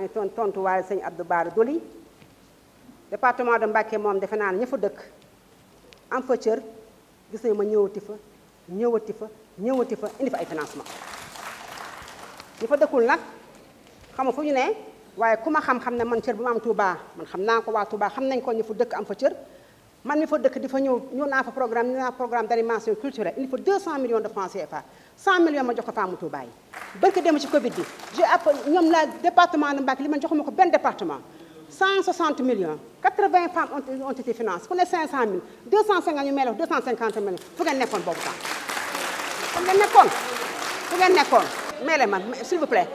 maa ngi toon tontuwaale sëñ Abdou Bara Doli département de Mbacké moom defe naa ne ña fa dëkk am fa cër gis nañu ma ñëwati fa ñëwati fa ñëwati fa indi fa ay financement ñu fa dëkkul nag xama fu ñu ne waaye ku ma xam-xam ne man cër bu ma am Touba man xam naa ko waa Touba xam nañ ko ñu fu dëkk am fa cër man mi fa dëkk di fa programme programme d'animation culturelle il faut 200 millions de francs CFA 100 millions ma jox ko Femme Touba yi barki dem ci Covid bi j'ai appelé ñoom la département de Mbacké li man joxuma ko benn département 160 millions 80 femmes ont été financées ku ne 500 000 250 ñu may la 250 que Vous ngeen nekkoon bon temps fu ngeen nekkoon Vous ngeen nekkoon may la man s'il vous plaît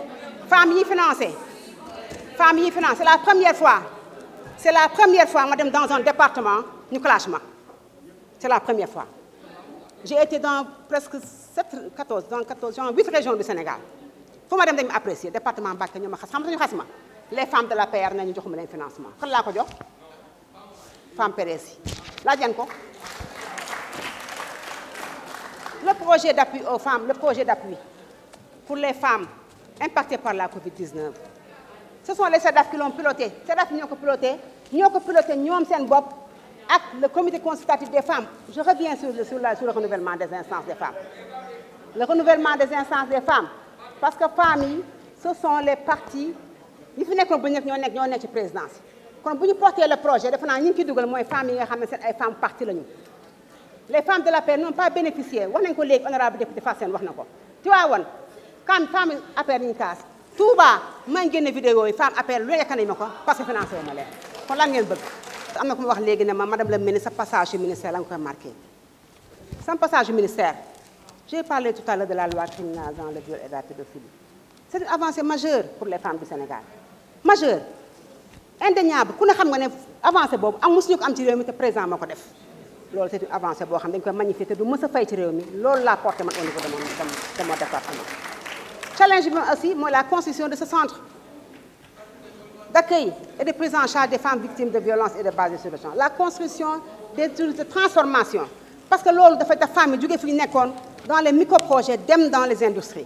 famille financée, famille financée. c'est la première fois c'est la première fois Madame, dans un département nous c'est la première fois j'ai été dans presque 7 14 dans 14 8 régions du Sénégal Faut madame dem apprécier département Mbacké xam les femmes de la PR nañu joxuma de financement kan laa ko jox femme La le projet d'appui aux femmes le projet d'appui pour les femmes impactées par la Covid-19 ce sont les SEDAF qui l'ont piloté SEDAF ñoo ko piloté Nous avons piloté nous avons... piloté le comité consultatif des femmes je reviens sur le renouvellement des instances des femmes le renouvellement des instances des femmes parce que femmes ce sont les partis il faut que nous nekk présidents. nekk ñoo ci présidence Quand le projet nous naa les femmes yi nga les femmes de la paix n'ont pas bénéficié On a ko collègue honorable député Fassène. Tu wax tu les femmes une femme case, une casse Touba va vidéo yi femmes appellent lu nekk nañ parce que financé ce ma je am na ku wax ne madame la ministre sa passage au ministère est marqué Son passage au ministère j'ai parlé tout à l'heure de la loi criminalisant le viol et la pédophilie c'est une avancée majeure pour les femmes du Sénégal majeure indéniable ku ne xam nga ne avancée boobu am mosuñu ko am ci réew mi président def c'est une avancée boo xam koy du a fay ci réew mi loolu laa porté man au niveau de mon challenge aussi moi la constitution de ce centre d'accueil et de prise en charge des femmes victimes de violences et de bases de le la construction des de transformation parce que l'eau, fait des femmes femme dans les micro projets dans les industries